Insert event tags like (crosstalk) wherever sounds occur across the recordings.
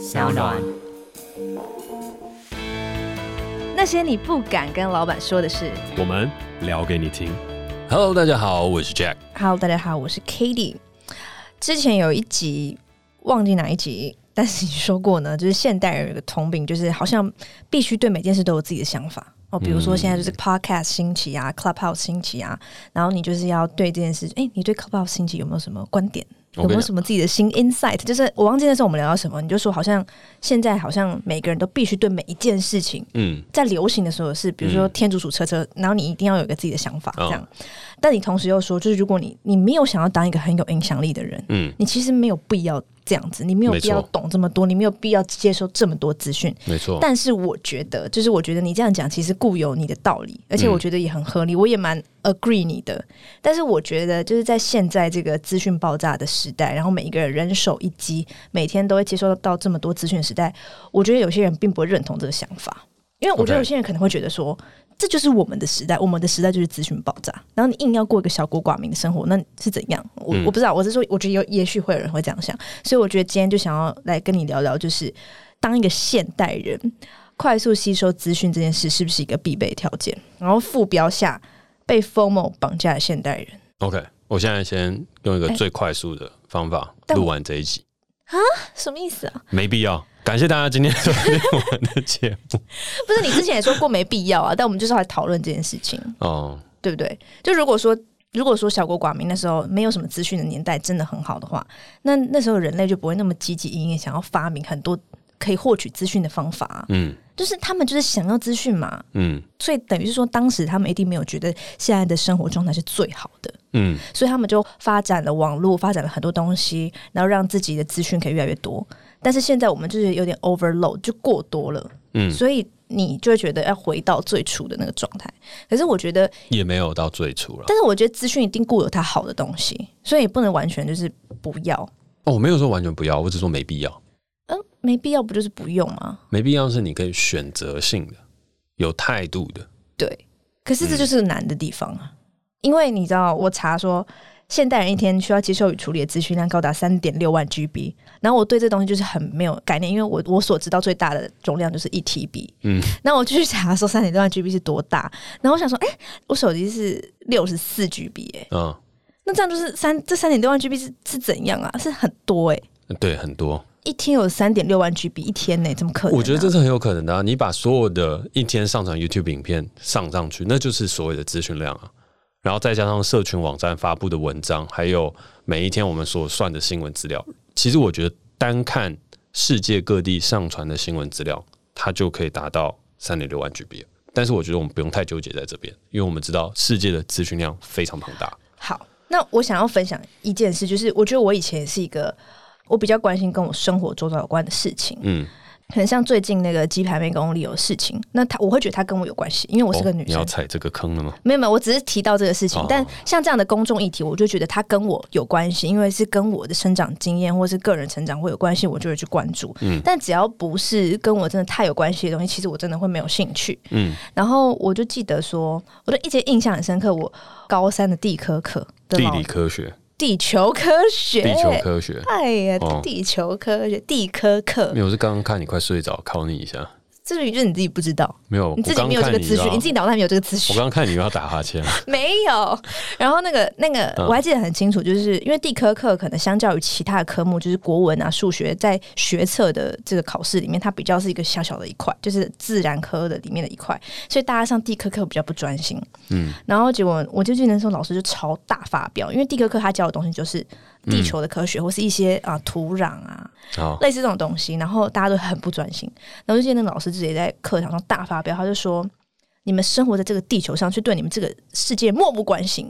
小諾，那些你不敢跟老闆說的事，我們聊給你聽。Hello，大家好，我是 Jack。Hello，大家好，我是 Cady。之前有一集忘記哪一集，但是你說過呢，就是現代人有一個通病，就是好像必須對每件事都有自己的想法哦。比如說現在就是 Podcast 興起啊，嗯，Clubhouse 興起啊，然後你就是要對這件事，哎，你對 Clubhouse 興起有沒有什麼觀點？有沒有什麼自己的新 insight？就是我忘記那時候我們聊到什麼，你就說好像現在好像每個人都必須對每一件事情，嗯，在流行的時候是，比如說天竺鼠車車，嗯、然後你一定要有一個自己的想法，嗯、這樣。但你同時又說，就是如果你你沒有想要當一個很有影響力的人，嗯，你其實沒有必要這樣子，你沒有必要懂這麼多，沒錯，你沒有必要接受這麼多資訊，沒錯。但是我覺得，就是我覺得你這樣講其實固有你的道理，而且我覺得也很合理，嗯，我也蠻 agree 你的。但是我覺得就是在現在這個資訊爆炸的時代，然後每一個人人手一機，每天都會接收到這麼多資訊時代，我覺得有些人並不會認同這個想法，因為我覺得有些人可能會覺得說。Okay. 這就是我們的時代，我們的時代就是資訊爆炸。然後你硬要過一個小國寡民的生活，那是怎樣？我我不知道。我是說，我覺得也有也許會有人會這樣想，所以我覺得今天就想要來跟你聊聊，就是當一個現代人快速吸收資訊這件事，是不是一個必備的條件？然後副標下被 FOMO 綁架的現代人。OK，我現在先用一個最快速的方法錄、欸、完這一集啊？什麼意思啊？沒必要。感謝大家今天收聽我們的節目。 (laughs) 不是你之前也說過沒必要啊？ (laughs) 但我們就是要來討論這件事情哦，oh. 對不對？就如果說，如果說小國寡民的時候，沒有什麼資訊的年代，真的很好的話，那那時候人類就不會那麼汲汲營營，想要發明很多可以獲取資訊的方法。嗯，就是他們就是想要資訊嘛。嗯，所以等於是說，當時他們一定沒有覺得現在的生活狀態是最好的。嗯，所以他們就發展了網絡，發展了很多東西，然後讓自己的資訊可以越來越多。但是現在我們就是有點 overload，就過多了，嗯，所以你就會覺得要回到最初的那個狀態。可是我覺得也沒有到最初了。但是我覺得資訊一定固有它好的東西，所以不能完全就是不要。哦，我沒有說完全不要，我只說沒必要。嗯，呃，沒必要不就是不用嗎？沒必要是你可以選擇性的，有態度的。對，可是這就是難的地方啊，嗯，因為你知道，我查說。現代人一天需要接受與處理的資訊量高達三點六萬 GB，然後我對這東西就是很沒有概念，因為我我所知道最大的容量就是一 TB。嗯，那我就去查說三點六萬 GB 是多大？然後我想說，哎、欸，我手機是六十四 GB，哎、欸，嗯，那這樣就是三這三點六萬 GB 是是怎樣啊？是很多哎、欸，對，很多一天有三點六萬 GB 一天呢？怎麼可能、啊？我覺得這是很有可能的啊！你把所有的一天上傳 YouTube 影片上上去，那就是所謂的資訊量啊。然後再加上社群網站發佈的文章，還有每一天我們所算的新聞資料，其實我覺得單看世界各地上傳的新聞資料，它就可以達到三點六萬 GB。但是我覺得我們不用太糾結在這邊，因為我們知道世界的資訊量非常龐大。好，那我想要分享一件事，就是我覺得我以前也是一個我比較關心跟我生活周遭有關的事情。嗯。很像最近那個雞排妹公里有事情，那他我會覺得他跟我有關係，因為我是個女生、哦。你要踩這個坑了嗎？沒有沒有，我只是提到這個事情。哦、但像這樣的公眾議題，我就覺得他跟我有關係，因為是跟我的生長經驗或是個人成長會有關係，我就會去關注。嗯。但只要不是跟我真的太有關係的東西，其實我真的會沒有興趣。嗯。然後我就記得說，我就一直印象很深刻，我高三的地科課地理科學。地球科學，地球科學，哎呀，哦、地球科學，地科課。沒有，我是剛剛看你快睡着，考你一下。就是就你自己不知道？沒有，你自己沒有這個資訊，你，你自己腦袋沒有這個資訊。我剛看你又要打哈欠 (laughs) 沒有。然後那個那個，我還記得很清楚，就是因為地科課可能相較於其他的科目，就是國文啊、數學，在學測的這個考試裡面，它比較是一個小小的一塊，就是自然科的裡面的一塊，所以大家上地科課比較不專心。嗯，然後結果我就記得那時候老師就超大發飆，因為地科課他教的東西就是。地球的科學、嗯、或是一些啊土壤啊，好類似這種東西，然後大家都很不專心，然後就見那老師自己在課堂上大發飆，他就說：“你們生活在這個地球上，卻對你們這個世界漠不關心，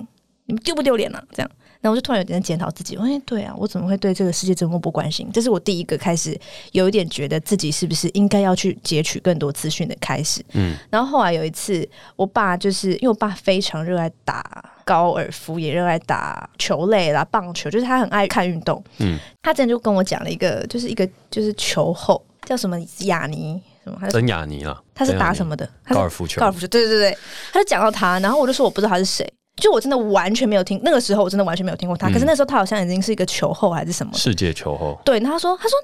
你們丟不丟臉呢？”這樣。那我就突然有點在檢討自己，哎，對啊，我怎麼會對這個世界這麼不關心？這是我第一個開始有一點覺得自己是不是應該要去截取更多資訊的開始。嗯，然後後來有一次，我爸就是因為我爸非常熱愛打高爾夫，也熱愛打球類啦、棒球，就是他很愛看運動。嗯，他之前就跟我講了一個，就是一個就是球後叫什麼雅妮什麼，還是曾雅妮啊，他是打什麼的？雅妮。他是高爾夫球，高爾夫球。對對對對，他就講到他，然後我就說我不知道他是誰。就我真的完全沒有聽，那個時候我真的完全沒有聽過他。嗯、可是那時候他好像已經是一個球後還是什麼？世界球後。對，他說，他說。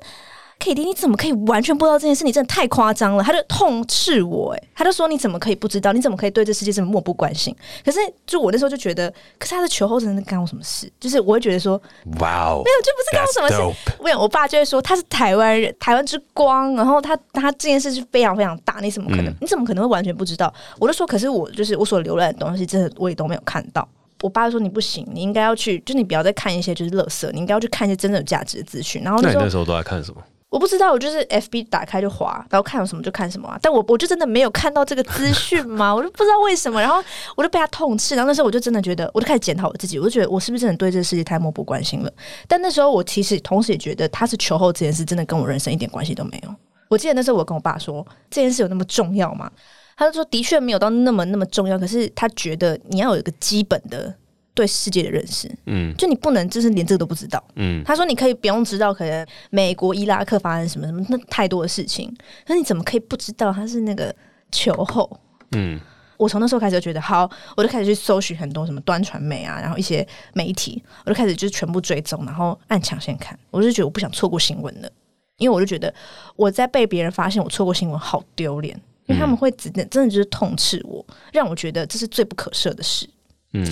Cady 你怎麼可以完全不知道這件事？你真的太誇張了！他就痛斥我，哎，他就說，你怎麼可以不知道？你怎麼可以對這世界這麼漠不關心？可是就我那時候就覺得，可是他的球後真的干我什麼事？就是我會覺得說，哇，Wow, 沒有，就不是干我什麼事。不然 's 我爸就會說他是台灣人，台灣之光，然後他他這件事是非常非常大，你怎麼可能？嗯、你怎麼可能會完全不知道？我就說，可是我就是我所瀏覽的東西，真的我也都沒有看到。我爸就說你不行，你應該要去，就你不要再看一些就是垃圾，你應該要去看一些真正有價值的資訊。然後你說，那你那時候都在看什麼？我不知道，我就是 FB 打開就滑，然後看有什麼就看什麼啊。但我我就真的沒有看到這個資訊嘛， (laughs) 我就不知道為什麼。然後我就被他痛斥，然後那時候我就真的覺得，我就開始檢討我自己，我就覺得我是不是真的對這個世界太漠不關心了。但那時候我其實同時也覺得，他是球後這件事真的跟我的人生一點關係都沒有。我記得那時候我跟我爸說，這件事有那麼重要嗎？他就說的確沒有到那麼那麼重要，可是他覺得你要有一個基本的。對世界的認識，嗯，就你不能，就是連這個都不知道，嗯。他說你可以不用知道，可能美國、伊拉克發生什麼什麼，那太多的事情，那你怎麼可以不知道？他是那個球後，嗯。我從那時候開始就覺得好，我就開始去搜尋很多什麼端傳媒啊，然後一些媒體，我就開始就全部追蹤，然後按搶先看，我就覺得我不想錯過新聞了，因為我就覺得我在被別人發現我錯過新聞，好丟臉，因為他們會真的真的就是痛斥我，讓我覺得這是最不可赦的事。嗯，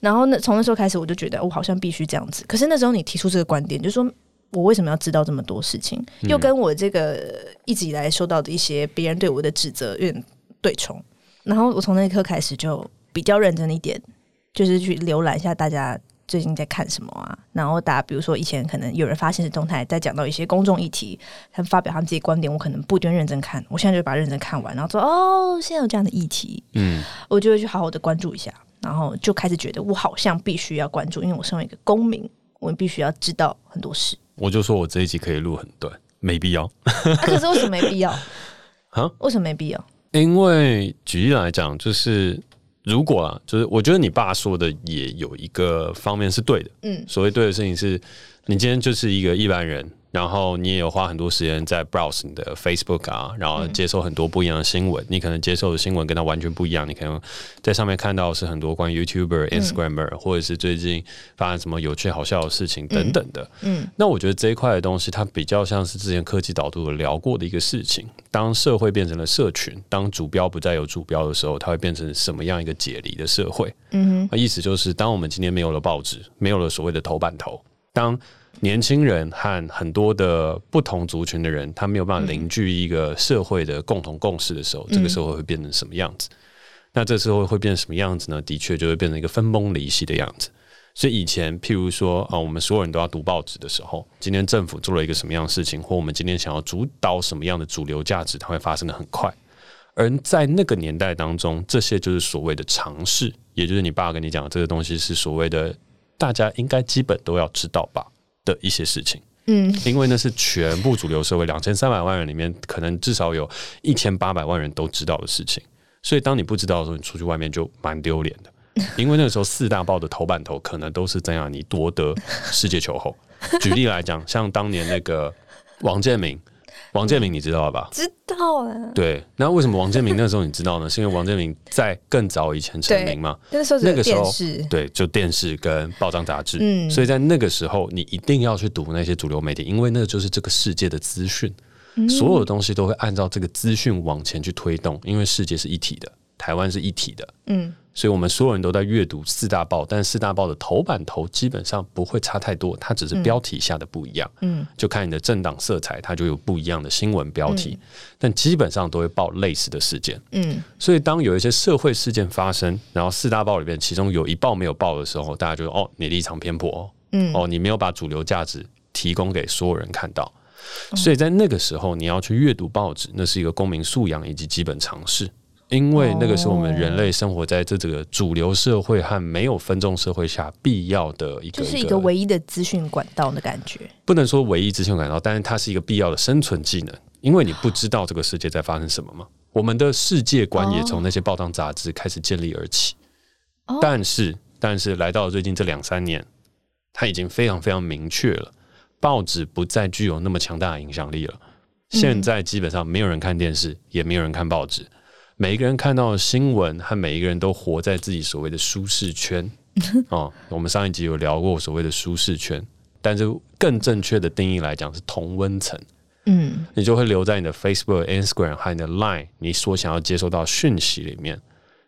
然後那從那時候開始，我就覺得、哦、我好像必須這樣子。可是那時候你提出這個觀點，就是、說我為什麼要知道這麼多事情，嗯、又跟我這個一直以來受到的一些別人對我的指責有點對衝，然後我從那一刻開始就比較認真一點，就是去瀏覽一下大家最近在看什麼啊。然後大家比如說以前可能有人發現的動態，在講到一些公眾議題，他們發表他們自己觀點，我可能不一定認真看。我現在就把它認真看完，然後說哦，現在有這樣的議題，嗯，我就會去好好的關注一下。然後就開始覺得我好像必須要關注，因為我身為一個公民，我必須要知道很多事。我就說我這一集可以錄很短，沒必要、 (laughs) 啊。可是為什麼沒必要啊？蛤為什麼沒必要？因為舉例來講，就是如果啊，就是我覺得你爸說的也有一個方面是對的。嗯，所謂對的事情是你今天就是一個一般人。然後你也有花很多時間在 browse 你的 Facebook 啊，然後接受很多不一樣的新聞。你可能接受的新聞跟它完全不一樣。你可能在上面看到是很多關於 YouTuber Instagram、er, 嗯、Instagramer，或者是最近發生什麼有趣好笑的事情等等的。嗯，嗯，那我覺得這一塊的東西，它比較像是之前科技導圖有聊過的一個事情。當社會變成了社群，當主標不再有主標的時候，它會變成什麼樣一個解離的社會？嗯哼，那意思就是，當我們今天沒有了報紙，沒有了所謂的頭版頭，當。年輕人和很多的不同族群的人，他沒有辦法凝聚一個社會的共同共識的時候，嗯、這個社會會變成什麼樣子？嗯、那這社會會變成什麼樣子呢？的確，就會變成一個分崩離析的樣子。所以以前，譬如說啊，我們所有人都要讀報紙的時候，今天政府做了一個什麼樣的事情，或我們今天想要主導什麼樣的主流價值，它會發生的很快。而在那個年代當中，這些就是所謂的常識，也就是你爸跟你講的這個東西是所謂的大家應該基本都要知道吧。的一些事情，嗯，因為那是全部主流社會兩千三百萬人裡面，可能至少有一千八百萬人都知道的事情，所以當你不知道的時候，你出去外面就蠻丟臉的。因為那個時候四大報的頭版頭可能都是這樣，你奪得世界球後。 (laughs) 舉例來講，像當年那個王建民。王建民，你知道了吧？嗯、知道了。對，那為什麼王建民那時候你知道呢？ (laughs) 是因為王建民在更早以前成名嘛？那時候那個時候對，就電視跟報章雜誌。嗯，所以在那個時候，你一定要去讀那些主流媒體，因為那就是這個世界的資訊，所有的東西都會按照這個資訊往前去推動，因為世界是一體的，台灣是一體的。嗯。所以我們所有人都在閱讀四大報，但是四大報的頭版頭基本上不會差太多，它只是標題下的不一樣。嗯，嗯，就看你的政黨色彩，它就有不一樣的新聞標題，嗯，但基本上都會報類似的事件。嗯，所以當有一些社會事件發生，然後四大報裡面其中有一報沒有報的時候，大家就說：“哦，你立場偏頗哦，嗯，哦，你沒有把主流價值提供給所有人看到。”所以在那個時候，你要去閱讀報紙，那是一個公民素養以及基本常識。因為那個是我們人類生活在這這個主流社會和沒有分眾社會下必要的一個，就是一個唯一的資訊管道的感覺。不能說唯一資訊管道，但是它是一個必要的生存技能。因為你不知道這個世界在發生什麼嘛，我們的世界觀也從那些報章雜誌開始建立而起。但是，但是來到最近這兩三年，它已經非常非常明確了，報紙不再具有那麼強大的影響力了。現在基本上沒有人看電視，也沒有人看報紙。每一個人看到的新聞，和每一個人都活在自己所謂的舒適圈 (laughs) 哦，我們上一集有聊過所謂的舒適圈，但是更正確的定義來講是同溫層。嗯，你就會留在你的 Facebook、Instagram 和你的 Line，你所想要接收到訊息裡面。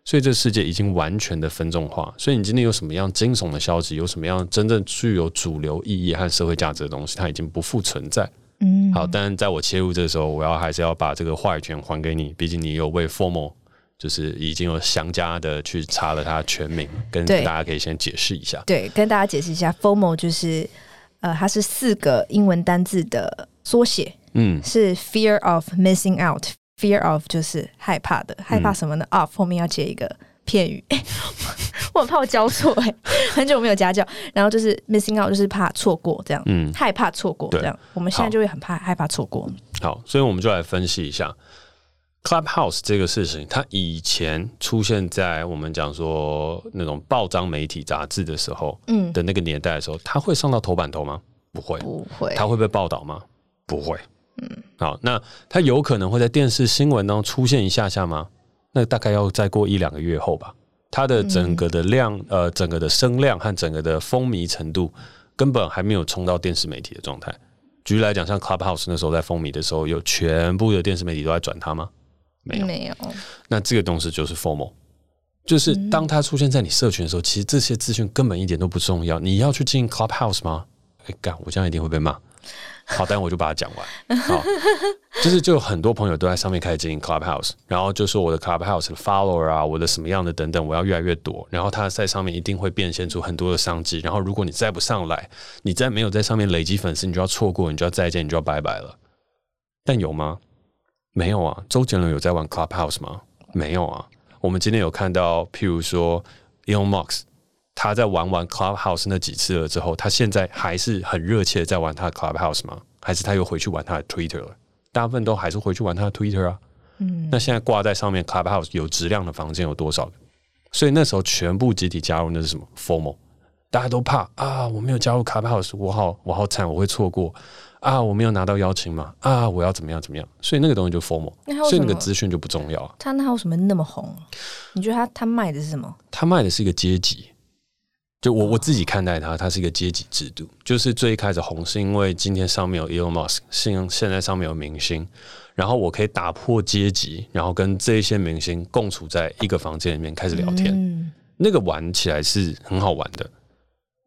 所以，這世界已經完全的分眾化。所以，你今天有什麼樣驚悚的消息，有什麼樣真正具有主流意義和社會價值的東西，它已經不復存在。嗯，好，但在我切入這個時候，我要還是要把這個話語權還給你，畢竟你有為 FOMO，就是已經有詳加的去查了他的全名，跟大家可以先解釋一下對。對，跟大家解釋一下，FOMO 就是呃，它是四個英文單字的縮寫，嗯，是 fear of missing out，fear of 就是害怕的，害怕什麼呢、嗯、？of 後面要接一個。片語、欸，我很怕我教錯、欸、很久沒有家教，然後就是 missing out，就是怕錯過這樣，嗯，害怕錯過這樣，對我們現在就會很怕好害怕錯過。好，所以我們就來分析一下 Clubhouse 這個事情，它以前出現在我們講說那種報章媒體雜誌的時候，嗯，的那個年代的時候，嗯、它會上到頭版頭嗎？不會，不會。它會被報道嗎？不會，嗯，好，那它有可能會在電視新聞當中出現一下下嗎？那大概要再過一兩個月後吧，它的整個的量，嗯、呃，整個的聲量和整個的風靡程度，根本還沒有衝到電視媒體的狀態。舉例來講，像 Clubhouse 那時候在風靡的時候，有全部的電視媒體都在轉它嗎？沒有，沒有。那這個東西就是 FOMO，就是當它出現在你社群的時候，其實這些資訊根本一點都不重要。你要去進 Clubhouse 嗎？哎、欸，幹，我這樣一定會被罵。好，但我就把它講完。 (laughs) 好。其實就有很多朋友都在上面開始經營 Clubhouse，然後就說我的 Clubhouse 的 follower 啊，我的什麼樣的等等，我要越來越多。然後他在上面一定會變現出很多的商機。然後如果你再不上來，你再沒有在上面累積粉絲，你就要錯過，你就要再見，你就要拜拜了。但有嗎？沒有啊。周杰倫有在玩 Clubhouse 嗎？沒有啊。我們今天有看到，譬如說 Elon Musk，他在玩完 Clubhouse 那幾次了之後，他現在還是很熱切的在玩他的 Clubhouse 嗎？還是他又回去玩他的 Twitter 了？大部分都還是回去玩他的 Twitter 啊，嗯，那現在掛在上面 Clubhouse 有質量的房間有多少？所以那時候全部集體加入那是什麼？FOMO，大家都怕啊，我沒有加入 Clubhouse，我好我好慘，我會錯過啊，我沒有拿到邀請嘛，啊，我要怎麼樣怎麼樣？所以那個東西就 FOMO，所以那個資訊就不重要啊。他那為什麼那麼紅？你覺得他他賣的是什麼？他賣的是一個階級。就我我自己看待它，它是一個階級制度。就是最一開始紅，是因為今天上面有 Elon Musk，是現在上面有明星，然後我可以打破階級，然後跟這些明星共處在一個房間裡面開始聊天，嗯，那個玩起來是很好玩的。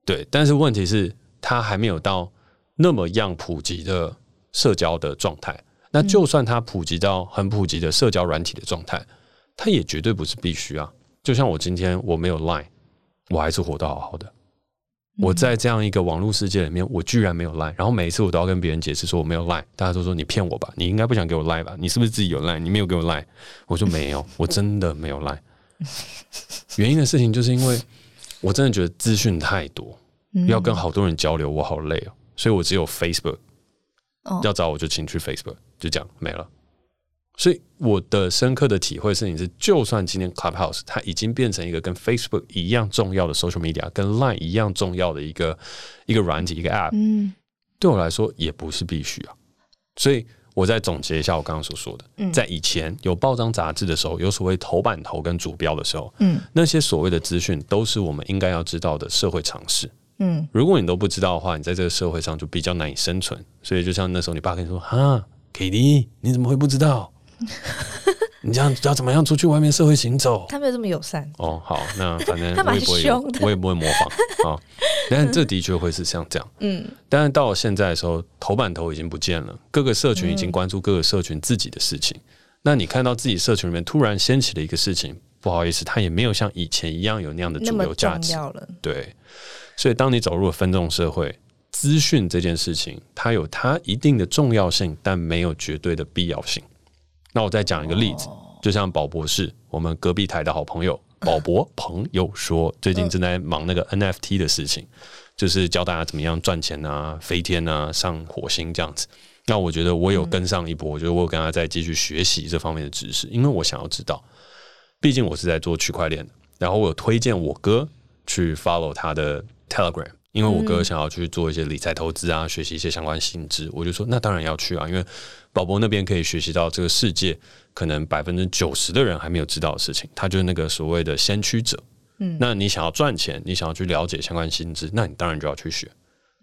對，但是問題是，它還沒有到那麼樣普及的社交的狀態。那就算它普及到很普及的社交軟體的狀態，它也絕對不是必須啊。就像我今天我沒有 Line。我還是活得好好的，我在這樣一個網絡世界裡面，我居然沒有 LINE。然後每一次我都要跟別人解釋說我沒有 LINE，大家都說你騙我吧，你應該不想給我 LINE 吧？你是不是自己有 LINE？你沒有給我 LINE？我說沒有，我真的沒有 LINE。 (laughs) 原因的事情，就是因為我真的覺得資訊太多，要跟好多人交流，我好累哦，所以我只有 Facebook。要找我就請去 Facebook，就這樣沒了。所以我的深刻的體會是，你是就算今天 Clubhouse 它已經變成一個跟 Facebook 一樣重要的 social media，跟 Line 一樣重要的一個一個軟體一個 app，、嗯、對我來說也不是必須啊。所以我再總結一下我剛剛所說的，嗯、在以前有報章雜誌的時候，有所謂頭版頭跟主標的時候，嗯、那些所謂的資訊都是我們應該要知道的社會常識，嗯、如果你都不知道的話，你在這個社會上就比較難以生存。所以就像那時候你爸跟你說，哈，Cady 你，你怎麼會不知道？ (laughs) 你想要怎麼樣出去外面社會行走？他沒有這麼友善哦。好，那反正我也不會，我也不會模仿。但這的確會是像這樣。嗯，但是到現在的時候，頭版頭已經不見了，各個社群已經關注各個社群自己的事情。嗯、那你看到自己社群裡面突然掀起了一個事情，不好意思，它也沒有像以前一樣有那樣的主流價值，重要。對，所以當你走入了分眾社會，資訊這件事情，它有它一定的重要性，但沒有絕對的必要性。那我再講一個例子，oh. 就像寶博士，我們隔壁台的好朋友寶博朋友說，最近正在忙那個 NFT 的事情，oh. 就是教大家怎麼樣賺錢啊、飛天啊、上火星這樣子。那我覺得我有跟上一波，mm. 我覺得我有跟他再繼續學習這方面的知識，因為我想要知道，畢竟我是在做區塊鏈的。然後我有推薦我哥去 follow 他的 Telegram。因為我哥想要去做一些理財投資啊，嗯、學習一些相關訊息，我就說那當然要去啊。因為寶博那邊可以學習到這個世界可能百分之九十的人還沒有知道的事情，他就是那個所謂的先驅者。嗯，那你想要賺錢，你想要去了解相關訊息，那你當然就要去學。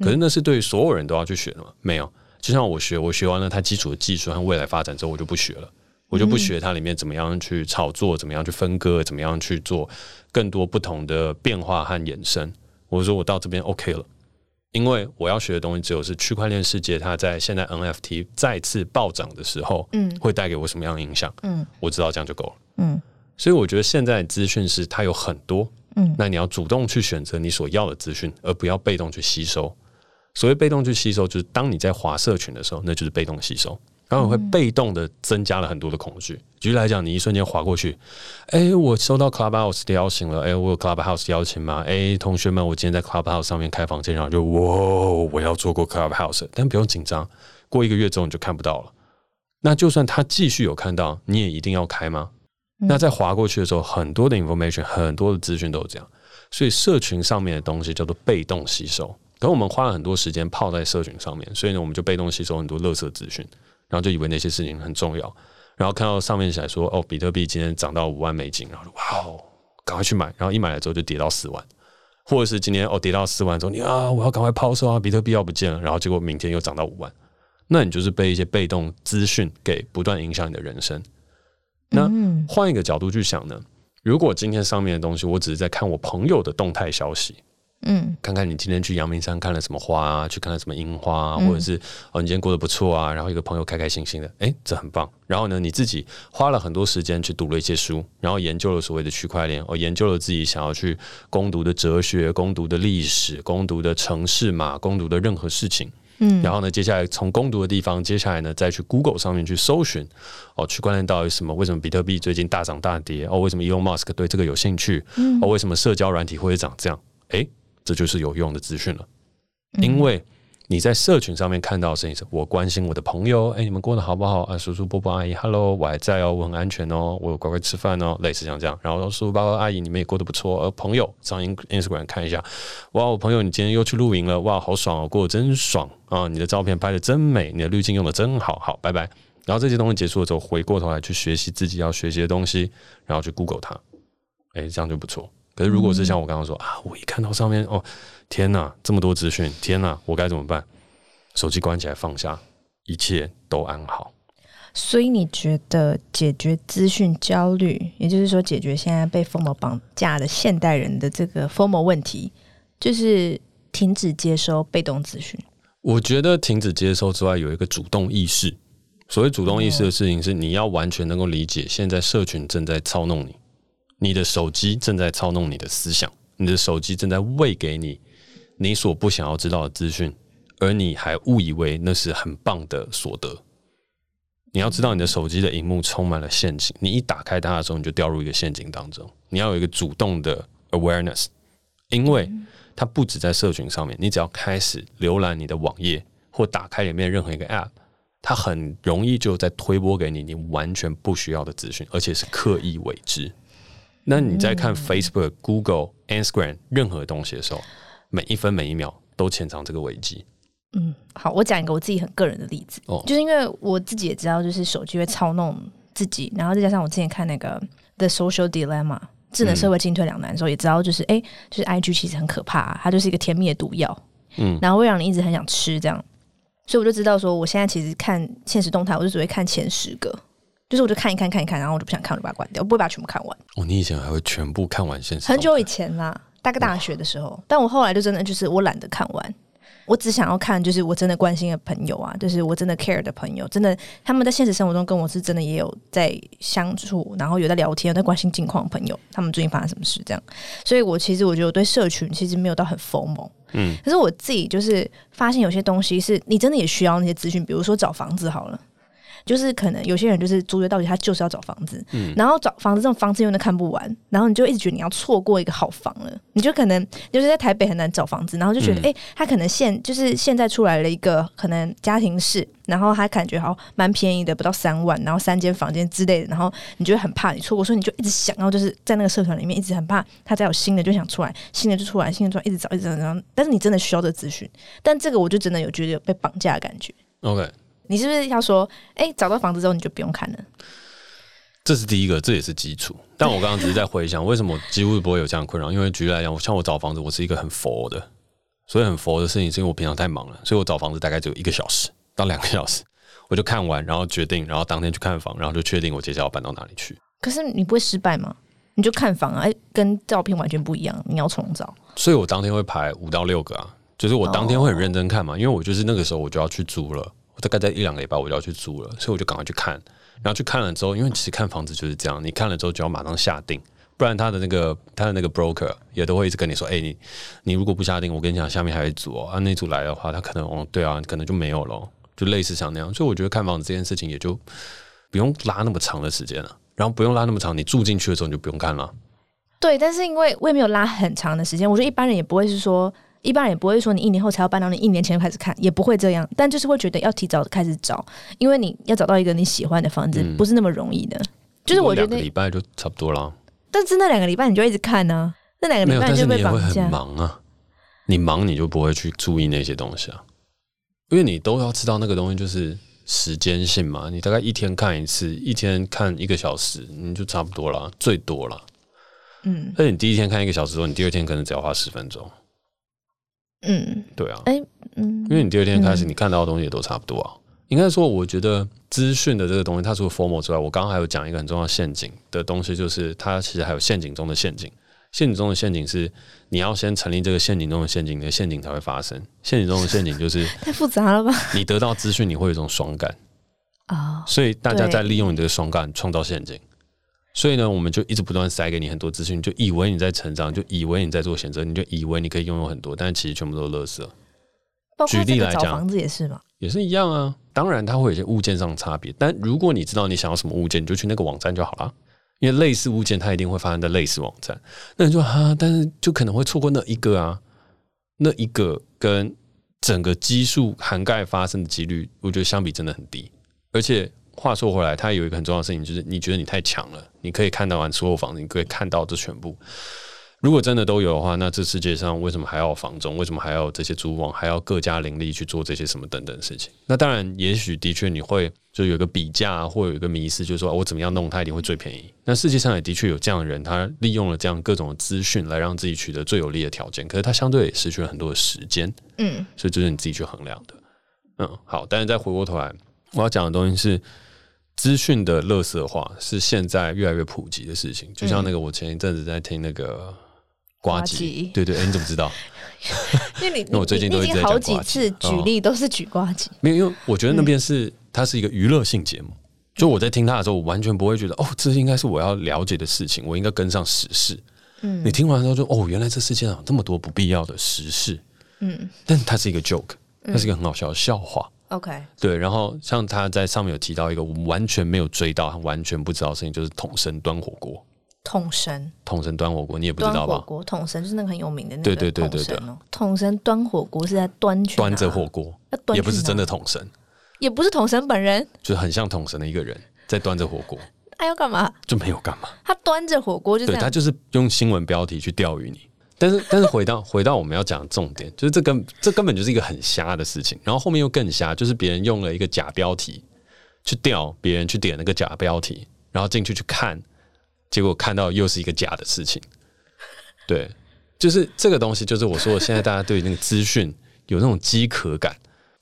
可是那是對所有人都要去學的嗎？嗯、沒有。就像我學，我學完了它基礎的技術和未來發展之後，我就不學了，我就不學它裡面怎麼樣去炒作，怎麼樣去分割，怎麼樣去做更多不同的變化和延伸。我說我到這邊 OK 了，因為我要學的東西只有是區塊鏈世界，它在現在 NFT 再次暴漲的時候，嗯，會帶給我什麼樣的影響？嗯，我知道這樣就夠了。嗯，所以我覺得現在資訊是它有很多，嗯，那你要主動去選擇你所要的資訊，而不要被動去吸收。所謂被動去吸收，就是當你在滑社群的時候，那就是被動吸收，然後會被動的增加了很多的恐懼。舉例來講，你一瞬間滑過去，哎、欸，我收到 Clubhouse 的邀請了，哎、欸，我有 Clubhouse 邀請嗎？哎、欸，同學們，我今天在 Clubhouse 上面開房間，然後就哇，我要做過 Clubhouse，但不用緊張，過一個月之後你就看不到了。那就算他繼續有看到，你也一定要開嗎？嗯、那在滑過去的時候，很多的 information，很多的資訊都是這樣，所以社群上面的東西叫做被動吸收。等我們花了很多時間泡在社群上面，所以呢，我們就被動吸收很多垃圾資訊，然後就以為那些事情很重要。然後看到上面寫說哦，比特幣今天漲到五萬美金，然後哇哦，趕快去買。然後一買了之後就跌到四萬，或者是今天哦跌到四萬之後你啊，我要趕快拋售啊，比特幣要不見了。然後結果明天又漲到五萬，那你就是被一些被動資訊給不斷影響你的人生。那換一個角度去想呢，如果今天上面的東西我只是在看我朋友的動態消息。嗯，看看你今天去陽明山看了什麼花、啊，去看了什麼櫻花、啊，或者是、嗯、哦，你今天過得不錯啊。然後一個朋友開開心心的，哎、欸，這很棒。然後呢，你自己花了很多時間去讀了一些書，然後研究了所謂的區塊鏈，哦，研究了自己想要去攻讀的哲學、攻讀的歷史、攻讀的城市嘛、攻讀的任何事情。嗯，然後呢，接下來從攻讀的地方，接下來呢再去 Google 上面去搜尋，哦，去關聯到什麼？為什麼比特幣最近大漲大跌？哦，為什麼 Elon Musk 對這個有興趣？嗯、哦，為什麼社交軟體會長這樣？哎、欸。這就是有用的資訊了，因為你在社群上面看到的是我關心我的朋友。哎，你們過得好不好啊？叔叔伯伯阿姨，Hello，我還在哦，我很安全哦，我乖乖吃飯哦，類似像這樣。然後說叔叔爸爸阿姨，你們也過得不錯，而，朋友上 ins Instagram 看一下，哇，我朋友你今天又去露營了，哇，好爽哦，過得真爽啊，你的照片拍得真美，你的濾鏡用得真好，好，拜拜。然後這些東西結束的時候，回過頭來去學習自己要學習的東西，然後去 Google 它，哎，這樣就不錯。可是，如果是像我剛剛說、嗯、啊，我一看到上面哦，天哪，這麼多資訊，天哪，我該怎麼辦？手機關起來，放下，一切都安好。所以，你覺得解決資訊焦慮，也就是說，解決現在被 FOMO 綁架的現代人的這個 FOMO 問題，就是停止接收被動資訊。我覺得停止接收之外，有一個主動意識。所謂主動意識的事情是，你要完全能夠理解，現在社群正在操弄你。你的手機正在操弄你的思想，你的手機正在餵給你你所不想要知道的資訊，而你還誤以為那是很棒的所得。你要知道，你的手機的熒幕充滿了陷阱，你一打開它的時候，你就掉入一個陷阱當中。你要有一個主動的 awareness，因為它不止在社群上面，你只要開始瀏覽你的網頁或打開裡面任何一個 app，它很容易就在推播給你你完全不需要的資訊，而且是刻意為之。那你在看 Facebook、嗯、Google、Instagram 任何東西的時候，每一分每一秒都潛藏這個危機。嗯，好，我講一個我自己很個人的例子，哦、就是因為我自己也知道，就是手機會操弄自己，然後再加上我之前看那個 The Social Dilemma 智能社會進退兩難的時候，也知道就是哎、嗯欸，就是 IG 其實很可怕、啊，它就是一個甜蜜的毒藥，嗯，然後我會讓你一直很想吃這樣，所以我就知道說，我現在其實看限時動態，我就只會看前十個。就是我就看一看，看一看，然後我就不想看，我就把它關掉，我不會把它全部看完。哦，你以前還會全部看完現實？很久以前啦，大概大學的時候。哇但我後來就真的就是我懶得看完，我只想要看，就是我真的關心的朋友啊，就是我真的 care 的朋友，真的他們在現實生活中跟我是真的也有在相處，然後有在聊天，有在關心近況，朋友他們最近發生什麼事這樣。所以我其實我覺得我對社群其實沒有到很 FOMO，嗯。可是我自己就是發現有些東西是你真的也需要那些資訊，比如說找房子好了。就是可能有些人就是租約到期，他就是要找房子，嗯、然後找房子這種房子用的看不完，然後你就一直覺得你要錯過一個好房了，你就可能就是在台北很難找房子，然後就覺得哎、嗯欸，他可能現就是現在出來了一個可能家庭式，然後他感覺好蠻便宜的，不到三萬，然後三間房間之類的，然後你就很怕你錯過，所以你就一直想要就是在那個社團裡面一直很怕他再有新的就想出來，新的就出來，新的就出來，一直找一直找，然後但是你真的需要這資訊，但這個我就真的有覺得有被綁架的感覺。OK。你是不是要說，哎、欸，找到房子之後你就不用看了？這是第一個，這也是基礎。但我剛剛只是在回想， (laughs) 為什麼幾乎不會有這樣的困擾？因為舉例來講，我像我找房子，我是一個很佛的，所以很佛的事情是因為我平常太忙了，所以我找房子大概只有一個小時到兩個小時，我就看完，然後決定，然後當天去看房，然後就確定我接下來要搬到哪裡去。可是你不會失敗嗎？你就看房啊，欸、跟照片完全不一樣，你要重找。所以我當天會排五到六個啊，就是我當天會很認真看嘛，oh. 因為我就是那個時候我就要去租了。我大概在一兩個禮拜我就要去租了，所以我就趕快去看。然後去看了之後，因為其實看房子就是這樣，你看了之後就要馬上下定，不然他的那個他的那個 broker 也都會一直跟你說，哎，你你如果不下定，我跟你講下面還有一組哦，啊，那組來的話，他可能哦，對啊，可能就沒有了，就類似像那樣。所以我覺得看房子這件事情也就不用拉那麼長的時間了，然後不用拉那麼長，你住進去的時候你就不用看了。對，但是因為我也沒有拉很長的時間，我說一般人也不會是說。一般人也不會說，你一年後才要搬到，你一年前就開始看，也不會這樣。但就是會覺得要提早開始找，因為你要找到一個你喜歡的房子，嗯、不是那麼容易的。不就是我覺得兩個禮拜就差不多了。但是那兩個禮拜你就一直看呢、啊？那兩個禮拜沒有，就但是你會很忙啊。你忙你就不會去注意那些東西啊，因為你都要知道那個東西就是時間性嘛。你大概一天看一次，一天看一個小時，你就差不多了，最多了。嗯，那你第一天看一個小時之後，你第二天可能只要花十分鐘。嗯，對啊，哎、欸，嗯，因為你第二天開始你看到的東西也都差不多啊。應該、嗯、說，我覺得資訊的這個東西，它除了 FOMO 之外，我剛剛還有講一個很重要陷阱的東西，就是它其實還有陷阱中的陷阱。陷阱中的陷阱是，你要先成立這個陷阱中的陷阱，你的陷阱才會發生。陷阱中的陷阱就是太複雜了吧？你得到資訊，你會有一種爽感哦。 (laughs) 雜 (laughs) 所以大家在利用你這個爽感創造陷阱。所以呢，我們就一直不斷塞給你很多資訊，就以為你在成長，就以為你在做選擇，你就以為你可以擁有很多，但其實全部都是垃圾。舉例來講，房子也是嗎？也是一樣啊。當然，它會有些物件上的差別，但如果你知道你想要什麼物件，你就去那個網站就好了，因為類似物件它一定會發生在類似網站。那你說哈、啊，但是就可能會錯過那一個啊，那一個跟整個基數涵蓋發生的幾率，我覺得相比真的很低，而且。話說回來，他有一個很重要的事情，就是你覺得你太強了，你可以看到完所有房子，你可以看到這全部。如果真的都有的話，那這世界上為什麼還要有房仲？為什麼還要有這些租網？還要各家林立去做這些什麼等等的事情？那當然，也許的確你會就有一個比價啊，或有一個迷思，就是說我怎麼樣弄它一定會最便宜。那世界上也的確有這樣的人，他利用了這樣各種資訊來讓自己取得最有利的條件，可是他相對也失去了很多的時間。嗯，所以這是你自己去衡量的。嗯，好，但是再回過頭來，我要講的東西是。資訊的垃圾化是現在越來越普及的事情，就像那個我前一陣子在聽那個呱吉。嗯、對，對對，你怎麼知道？ (laughs) 那 (laughs) 因為我最近都在已經好幾次舉例都是舉呱吉。沒有、哦，嗯、因為我覺得那邊是它是一個娛樂性節目，嗯、就我在聽它的時候，我完全不會覺得哦，這應該是我要了解的事情，我應該跟上時事。嗯、你聽完之後就哦，原來這世界上有那麼多不必要的時事。嗯，但它是一個 joke，它是一個很好笑的笑話。嗯嗯 OK，對，然後像他在上面有提到一個我們完全沒有追到，他完全不知道的事情，就是統神端火鍋。統神，統神端火鍋，你也不知道吧？火鍋統神就是那個很有名的那個。對對對,對對對對對。統神端火鍋是在端端着火鍋，也不是真的統神，也不是統神本人，就是很像統神的一個人在端着火鍋。 (laughs) 他要幹嘛？就沒有幹嘛。他端着火鍋就，就對他就是用新聞標題去釣魚你。但是，但是回到回到我們要講的重點，就是這根這根本就是一個很瞎的事情。然後後面又更瞎，就是別人用了一個假標題去釣別人去點那個假標題，然後進去去看，結果看到又是一個假的事情。對，就是這個東西，就是我說的現在大家對於那個資訊有那種飢渴感，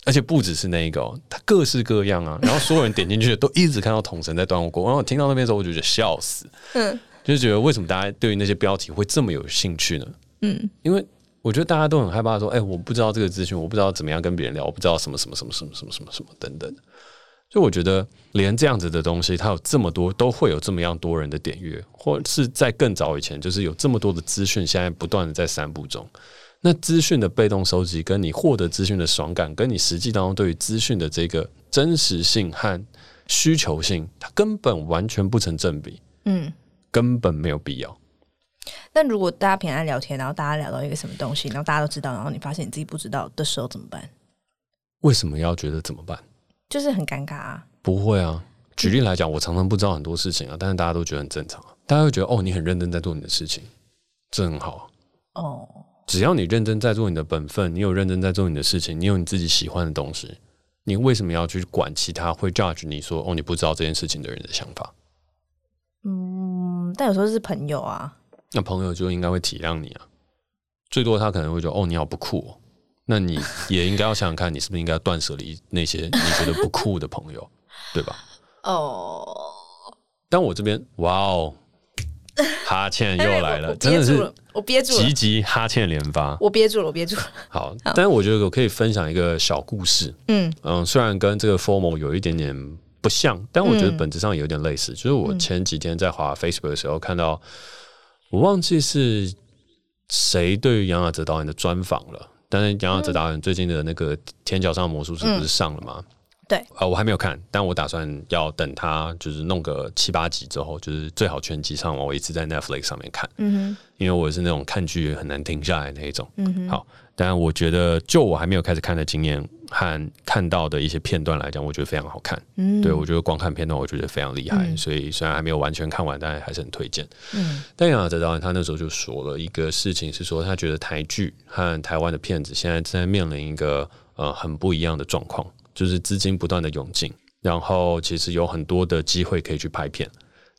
而且不只是那一個喔，它各式各樣啊。然後所有人點進去的都一直看到統神在端火鍋。然後我聽到那邊的時候，我就覺得笑死，嗯，就覺得為什麼大家對於那些標題會這麼有興趣呢？嗯，因為我覺得大家都很害怕說，哎、欸，我不知道這個資訊，我不知道怎麼樣跟別人聊，我不知道什麼什麼什麼什麼什麼什麼什麼等等。所以我覺得，連這樣子的東西，它有這麼多，都會有這麼樣多人的點閱，或是在更早以前，就是有這麼多的資訊，現在不斷的在散布中。那資訊的被動收集，跟你獲得資訊的爽感，跟你實際當中對於資訊的這個真實性和需求性，它根本完全不成正比。嗯，根本沒有必要。但如果大家平常聊天，然後大家聊到一個什麼東西，然後大家都知道，然後你發現你自己不知道的時候怎麼辦？為什麼要覺得怎麼辦？就是很尷尬啊。不會啊。舉例來講，我常常不知道很多事情啊，但是大家都覺得很正常啊。大家會覺得哦，你很認真在做你的事情，這很好。哦，只要你認真在做你的本分，你有認真在做你的事情，你有你自己喜歡的東西，你為什麼要去管其他會 judge 你說哦，你不知道這件事情的人的想法？嗯，但有時候是朋友啊。那朋友就應該會體諒你啊，最多他可能會覺得：「哦，你好不酷哦。」那你也應該要想想看，你是不是應該斷捨離那些你覺得不酷的朋友， (laughs) 對吧？哦。但我這邊，哇哦，哈欠又來了，真的是我憋住了，急急哈欠連發我，我憋住了，我憋住了。好，好，但是我覺得我可以分享一個小故事。嗯嗯，雖然跟這個 FOMO 有一點點不像，但我覺得本質上有點類似。嗯，就是我前幾天在滑 Facebook 的時候看到。我忘記是誰對楊雅哲導演的專訪了，但是楊雅哲導演最近的那個《天橋上的魔術師》不是上了嗎？嗯、對，啊、呃，我還沒有看，但我打算要等他就是弄個七八集之後，就是最好全集上完，我一直在 Netflix 上面看，嗯哼，因為我是那種看劇很難停下來的那一種，嗯哼，好。但我覺得，就我還沒有開始看的經驗和看到的一些片段來講，我覺得非常好看，嗯對。嗯，對，我覺得光看片段，我覺得非常厲害。嗯、所以雖然還沒有完全看完，但還是很推薦。嗯，但楊哲導演他那時候就說了一個事情，是說他覺得台劇和台灣的片子現在正在面臨一個呃很不一樣的狀況，就是資金不斷的湧進，然後其實有很多的機會可以去拍片。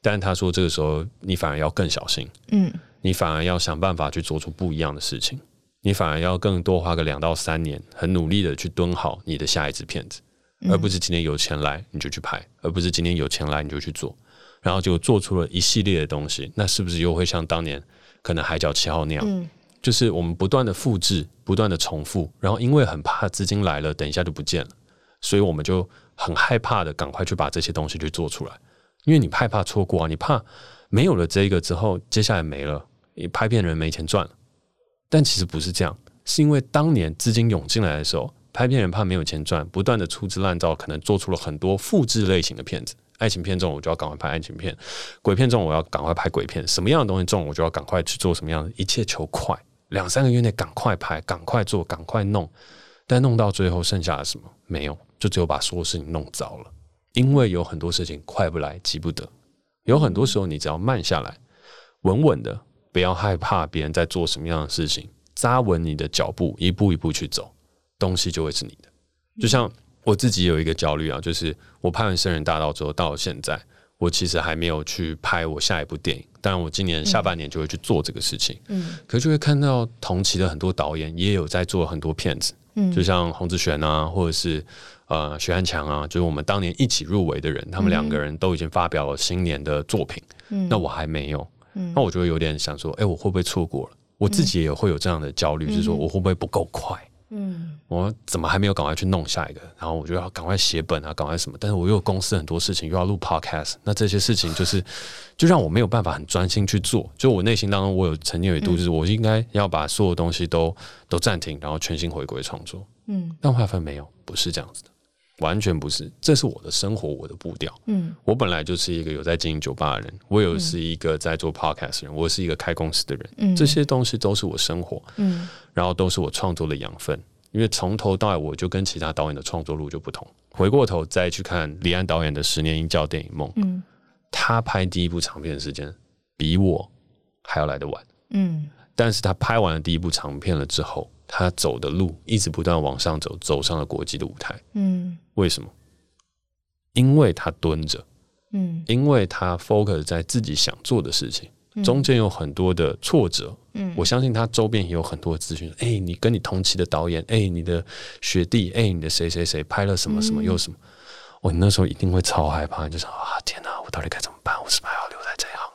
但他說，這個時候你反而要更小心，嗯，你反而要想辦法去做出不一樣的事情。你反而要更多花個兩到三年，很努力地去蹲好你的下一支片子，而不是今天有錢來你就去拍，而不是今天有錢來你就去做，然後就做出了一系列的東西，那是不是又會像當年可能《海角七號》那樣，嗯、就是我們不斷的複製、不斷的重複，然後因為很怕資金來了，等一下就不見了，所以我們就很害怕的趕快去把這些東西去做出來，因為你害怕錯過啊，你怕沒有了這個之後，接下來沒了，你拍片人沒錢賺但其實不是這樣，是因為當年資金湧進來的時候，拍片人怕沒有錢賺，不斷的粗製濫造，可能做出了很多複製類型的片子。愛情片中我就要趕快拍愛情片；鬼片中我要趕快拍鬼片。什麼樣的東西重，我就要趕快去做什麼樣的，一切求快。兩三個月內趕快拍，趕快做，趕快弄。但弄到最後，剩下了什麼？沒有，就只有把所有事情弄糟了。因為有很多事情快不來，急不得。有很多時候，你只要慢下來，穩穩的。不要害怕別人在做什麼樣的事情，紮穩你的腳步，一步一步去走，東西就會是你的。就像我自己有一個焦慮啊，就是我拍完《聖人大盜》之後，到了現在我其實還沒有去拍我下一部電影，但我今年下半年就會去做這個事情。嗯、可是就會看到同期的很多導演也有在做很多片子。嗯，就像洪志璇啊，或者是呃徐漢強啊，就是我們當年一起入圍的人，他們兩個人都已經發表了新年的作品。嗯，那我還沒有。嗯，那我就會有點想說，哎、欸，我會不會錯過了？我自己也會有這樣的焦慮，就是說我會不會不夠快？嗯，我怎麼還沒有趕快去弄下一個？然後我就要趕快寫本啊，趕快什麼？但是我又有公司很多事情，又要錄 podcast，那這些事情就是就讓我沒有辦法很專心去做。就我內心當中，我有曾經有一度，就是我應該要把所有的東西都都暫停，然後全心回歸創作。嗯，但劃分沒有，不是這樣子的。完全不是，這是我的生活，我的步調。嗯，我本來就是一個有在經營酒吧的人，我有是一個在做 podcast 人，嗯、我是一個開公司的人。嗯，這些東西都是我生活，嗯，然後都是我創作的養分。因為從頭到尾，我就跟其他導演的創作路就不同。回過頭再去看李安導演的《十年一覺電影夢》，嗯，他拍第一部長片的時間比我還要來得晚，嗯，但是他拍完了第一部長片了之後。他走的路一直不斷往上走，走上了國際的舞台。嗯，為什麼？因為他蹲着，嗯，因為他 focus 在自己想做的事情。中間有很多的挫折，嗯，我相信他周邊也有很多資訊。哎、嗯欸，你跟你同期的導演，哎、欸，你的學弟，哎、欸，你的誰誰誰拍了什麼什麼又什麼？我、嗯哦、那時候一定會超害怕，就想啊，天哪、啊，我到底該怎麼辦？我是不是還要留在這行？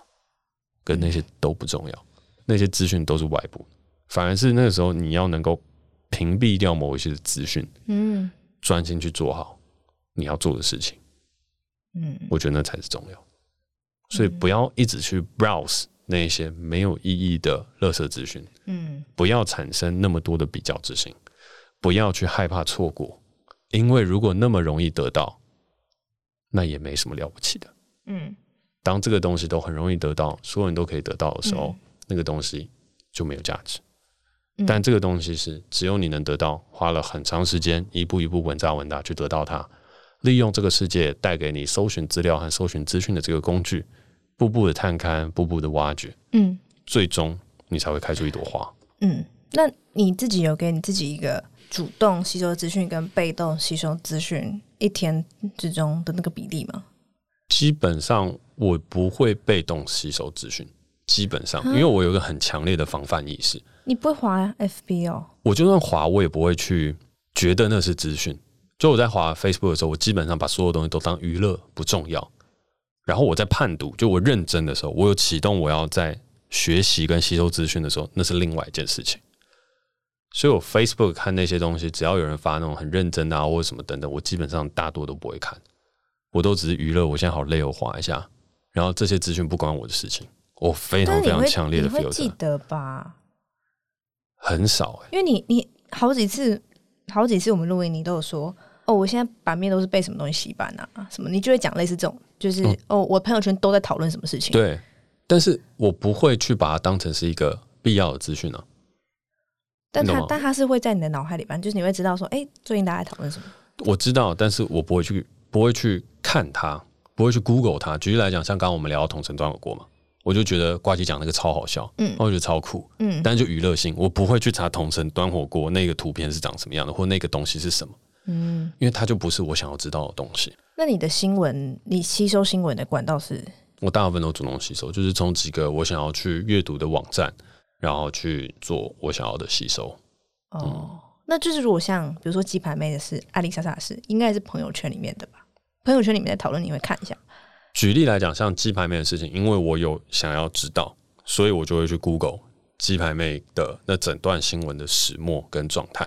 跟那些都不重要，嗯、那些資訊都是外部的。反而是那個時候，你要能夠屏蔽掉某一些的資訊，嗯，專心去做好你要做的事情，嗯，我覺得那才是重要。所以不要一直去 browse 那一些沒有意義的垃圾資訊，嗯，不要產生那麼多的比較之心，不要去害怕錯過，因為如果那麼容易得到，那也沒什麼了不起的，嗯。當這個東西都很容易得到，所有人都可以得到的時候，那個東西就沒有價值。但這個東西是只有你能得到，花了很長時間，一步一步穩紮穩打去得到它。利用這個世界帶給你搜尋資料和搜尋資訊的這個工具，步步的探勘，步步的挖掘，嗯，最終你才會開出一朵花。嗯，那你自己有給你自己一個主動吸收資訊跟被動吸收資訊一天之中的那個比例嗎？基本上我不會被動吸收資訊，基本上，嗯，因為我有一個很強烈的防範意識。你不會滑 FB 哦？我就算滑，我也不會去覺得那是資訊。就我在滑 Facebook 的時候，我基本上把所有東西都當娛樂，不重要。然後我在判讀，就我認真的時候，我有啟動我要在學習跟吸收資訊的時候，那是另外一件事情。所以我 Facebook 看那些東西，只要有人發那種很認真啊，或什麼等等，我基本上大多都不會看，我都只是娛樂。我現在好累，我滑一下。然後這些資訊不關我的事情，我非常非常強烈的 feel 記得吧？很少哎、欸，因為你你好幾次好幾次我們錄音，你都有說哦，我現在版面都是被什麼東西洗版啊？什麼？你就會講類似這種，就是、嗯、哦，我朋友圈都在討論什麼事情？對，但是我不會去把它當成是一個必要的資訊啊。但他但他是會在你的腦海裡邊就是你會知道說，哎、欸，最近大家在討論什麼？我知道，但是我不會去不會去看它，不會去 Google 它。舉例來講，像剛剛我們聊統神端火鍋嗎？我就覺得瓜姐講那個超好笑，嗯，我覺得超酷，嗯，但是就娛樂性，我不會去查統神端火鍋那個圖片是長什麼樣的，或那個東西是什麼，嗯，因為它就不是我想要知道的東西。那你的新聞，你吸收新聞的管道是？我大部分都主動吸收，就是從幾個我想要去閱讀的網站，然後去做我想要的吸收。嗯、哦，那就是如果像比如說雞排妹的事、阿里莎莎的事，應該是朋友圈裡面的吧？朋友圈裡面的討論，你會看一下。舉例來講，像雞排妹的事情，因為我有想要知道，所以我就會去 Google 雞排妹的那整段新聞的始末跟狀態，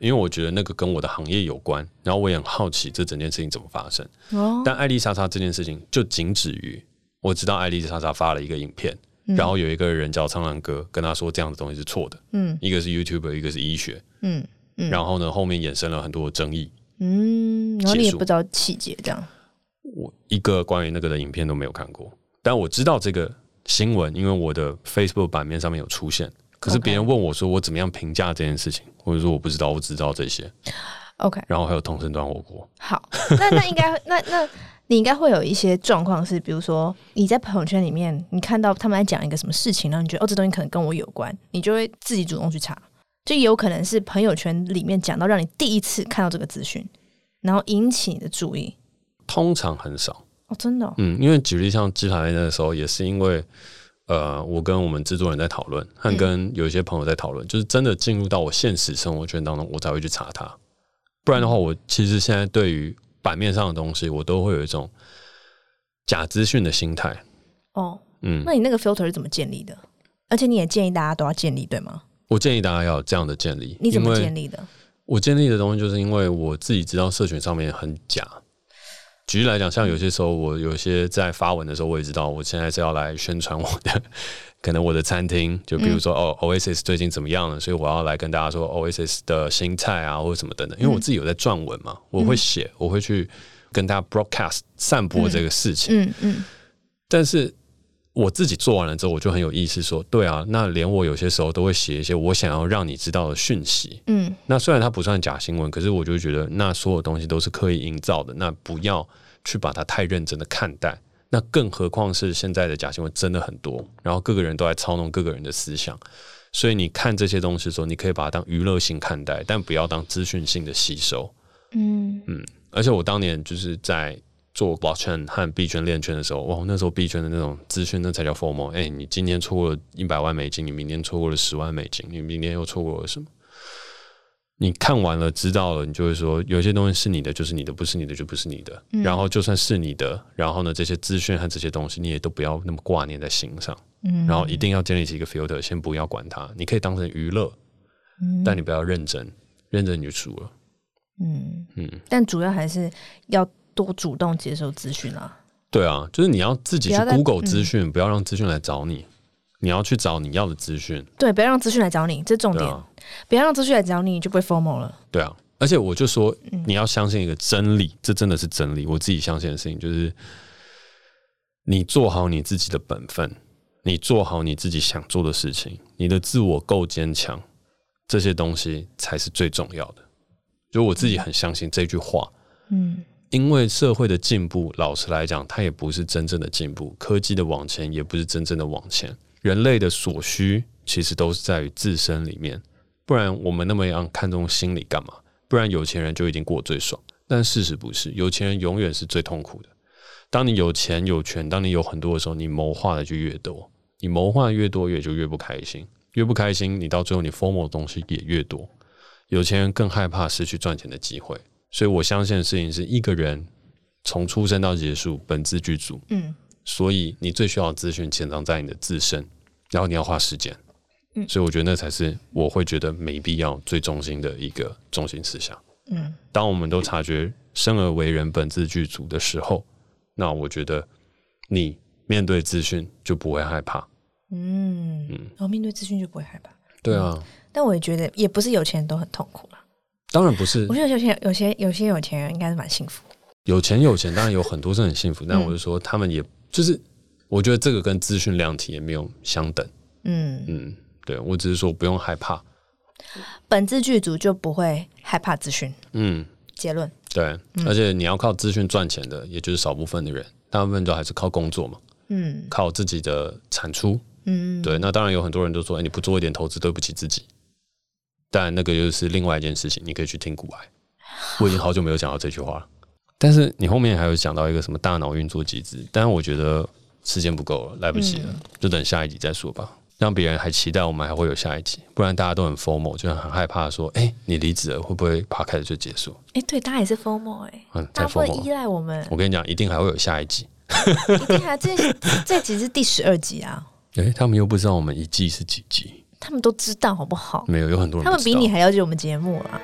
因為我覺得那個跟我的行業有關，然後我也很好奇這整件事情怎麼發生。哦。但愛莉莎莎這件事情就僅止於我知道愛莉莎莎發了一個影片，嗯。然後有一個人叫蒼藍鴿跟他說這樣的東西是錯的。嗯。一個是 YouTuber，一個是醫學。嗯，嗯。然後呢，後面衍生了很多的爭議。嗯。然後你也不知道細節這樣。我一個關於那個的影片都沒有看過，但我知道這個新聞，因為我的 Facebook 版面上面有出現。可是別人問我說我怎麼樣評價這件事情，Okay. 或者說我不知道，我只知道這些。OK。然後還有統神端火鍋。好，那那應該 (laughs) 那那你應該會有一些狀況是，比如說你在朋友圈裡面你看到他們在講一個什麼事情，然後你覺得哦這東西可能跟我有關，你就會自己主動去查。就有可能是朋友圈裡面講到讓你第一次看到這個資訊，然後引起你的注意。通常很少哦，真的，哦，嗯，因為舉例像之前那個時候，也是因為，呃，我跟我們製作人在討論，和跟有一些朋友在討論，嗯，就是真的進入到我現實生活圈當中，我才會去查它。不然的話，我其實現在對於版面上的東西，我都會有一種假資訊的心態。哦，嗯，那你那個 filter 是怎麼建立的？而且你也建議大家都要建立，對嗎？我建議大家要有這樣的建立。你怎麼建立的？我建立的東西，就是因為我自己知道社群上面很假。舉例來講，像有些時候我有些在發文的時候，我也知道我現在是要來宣傳我的，可能我的餐廳，就比如說哦，Oasis 最近怎麼樣了？所以我要來跟大家說 Oasis 的新菜啊，或者什麼等等。因為我自己有在撰文嘛，我會寫，我會去跟大家 broadcast 散播這個事情。嗯嗯，但是。我自己做完了之後，我就很有意思說，對啊，那連我有些時候都會寫一些我想要讓你知道的訊息。嗯，那雖然它不算假新聞，可是我就覺得那所有東西都是刻意營造的，那不要去把它太認真的看待。那更何況是現在的假新聞真的很多，然後各個人都在操弄各個人的思想，所以你看這些東西的時候，你可以把它當娛樂性看待，但不要當資訊性的吸收。嗯嗯，而且我當年就是在。做 blockchain 和幣圈鏈圈的時候，哇，那時候幣圈的那種資訊那才叫 FOMO、欸。哎，你今年錯過了一百萬美金，你明年錯過了十萬美金，你明年又錯過了什麼？你看完了，知道了，你就會說，有些東西是你的就是你的，不是你的就不是你的。嗯、然後就算是你的，然後呢，這些資訊和這些東西，你也都不要那麼掛念在心上。嗯。然後一定要建立起一個 filter，先不要管它，你可以當成娛樂，嗯，但你不要認真，認真你就輸了。嗯嗯。嗯，但主要還是要。多主動接受資訊啊，對啊，就是你要自己去 Google 資訊，不要，嗯、不要讓資訊來找你。你要去找你要的資訊。對，不要讓資訊來找你，這重點。啊、不要讓資訊來找你，你就被 FOMO 了。對啊，而且我就說，你要相信一個真理，嗯、這真的是真理。我自己相信的事情就是，你做好你自己的本分，你做好你自己想做的事情，你的自我夠堅強，這些東西才是最重要的。就我自己很相信這句話。嗯。嗯因為社會的進步，老實來講，它也不是真正的進步；科技的往前，也不是真正的往前。人類的所需，其實都是在於自身裡面。不然，我們那麼樣看重心理幹嘛？不然，有錢人就已經過最爽。但事實不是，有錢人永遠是最痛苦的。當你有錢有權，當你有很多的時候，你謀劃的就越多。你謀劃的越多，越就越不開心。越不開心，你到最後你 FOMO 的東西也越多。有錢人更害怕失去賺錢的機會。所以，我相信的事情是一個人從出生到結束，本組，本自具足。嗯，所以你最需要的資訊潛藏在你的自身，然後你要花時間。嗯，所以我覺得那才是我會覺得沒必要最中心的一個中心思想。嗯，當我們都察覺生而為人本自具足的時候，那我覺得你面對資訊就不會害怕。嗯嗯，然後、嗯哦、面對資訊就不會害怕。對啊、嗯，但我也覺得也不是有錢人都很痛苦。當然不是，我覺得有些、有些、有些有錢人應該是蠻幸福。有錢有錢，當然有很多是很幸福，但我是說，他們也就是，我覺得這個跟資訊量體也沒有相等。嗯嗯，對，我只是說不用害怕，本質具足就不會害怕資訊。嗯，結論。對，而且你要靠資訊賺錢的，也就是少部分的人，大部分都還是靠工作嘛。嗯，靠自己的產出。嗯，對，那當然有很多人都說，哎，你不做一點投資，對不起自己。但那個又是另外一件事情，你可以去聽古白。我已經好久沒有講到這句話，但是你後面還有講到一個什麼大腦運作機制，但是我覺得時間不夠了，來不及了，嗯、就等下一集再說吧。讓別人還期待我們還會有下一集，不然大家都很 FOMO，就很害怕說：“哎、欸，你離職了，會不會爬開始就結束、嗯？”哎，對，大家也是 FOMO，哎，大家會依賴我們。我跟你講，一定還會有下一集， (laughs) 一定還這這集是第十二集啊！哎、欸，他們又不知道我們一季是幾集。他們都知道好不好？沒有，有很多人。他們比你還了解我們節目啊！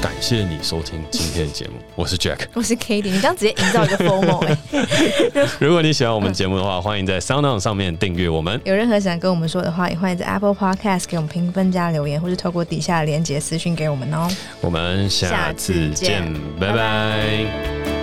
感謝你收聽今天的節目， (laughs) 我是 Jack，我是 Cady。你剛直接營造一個 FOMO 欸 (laughs) 如果你喜歡我們節目的話，歡迎在 SoundOn、 (laughs) 嗯、上面訂閱我們。有任何想跟我們說的話，也歡迎在 Apple Podcast 給我們評分加留言，或是透過底下的連結私訊給我們哦、喔。我們下次見，次見拜拜。拜拜。